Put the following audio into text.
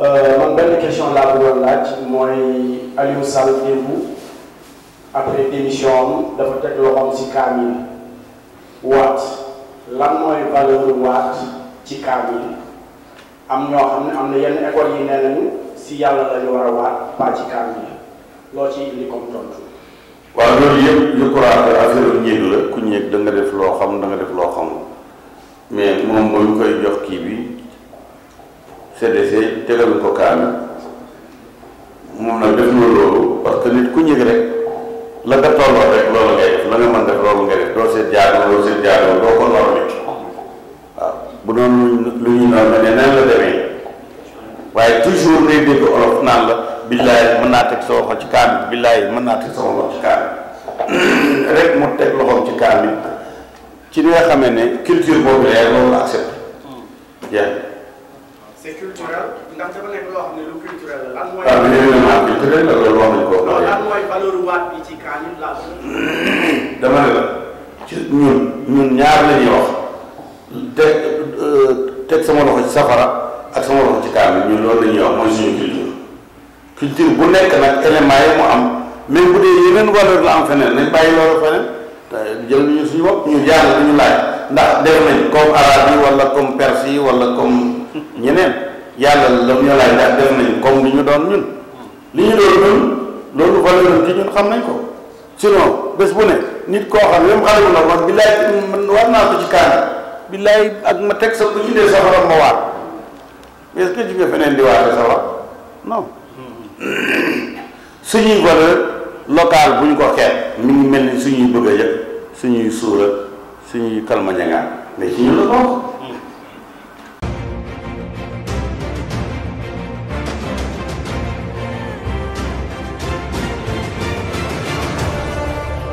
Euh, man benn question laa bëggoon laaj mooy Aliou Sall démb après démission dafa teg loxoom ci kaamil waat lan mooy valeur waat ci kaamil am ñoo xam ne am na yenn école yi nee si yàlla lañu war a waat pas ci loo ci indi comme tontu. waaw loolu yëpp je crois que affaire njëg la ku njëg da def loo xam da nga def loo xamul mais moom mooy koy jox kii bi. CDC tegalu ko kaami moom nag def na loolu parce que nit ku ñëw rek la nga tolloo rek loolu ngay def la nga mën def loolu ngay def doo seet jaadu doo seet jaadu doo ko lor nit waaw bu doon lu ñu noonu ne nan la demee waaye toujours ngay dégg olof naan la billaay mën naa teg sa loxo ci kaami billaay mën naa teg sa loxo ci kaami rek mu teg loxoom ci kaami ci li ne culture boobu rek loolu la accepté hmm. c'est culturel ndax dafa nekk loo xam ne lu culturel la. lan mooy événement culturel la loolu wax nañu ko. non lan mooy valeur waat bi ci kaamil la. dama ne la ci ñun ñun ñaar la ñuy wax teg teg sama loxo ci safara ak sama loxo ci kaamil ñun loolu la ñuy wax mooy suñu culture. culture bu nekk nag élément yi mu am même bu dee yeneen valeur la am feneen nañ bàyyi loolu feneen jël nañu suñu bopp ñu jaar la ñu laaj ndax def nañ comme arabe yi wala comme perse yi wala comme. ñeneen yàlla la mu yàllaay daal def nañu comme li ñu doon ñun li ñu doon ñun loolu valeur ci ñun xam nañ ko sinon bés bu ne nit koo xam même xale bu war naa ko ci kaani billaay ak ma teg sa bu ci dee safara ma waat est-ce que jóge feneen di waate safara non bu ñu ko xeet mu ngi mel ni suñuy bëgg a yëpp suñuy suura suñuy kalma ñangaan mais ci ñu la bokk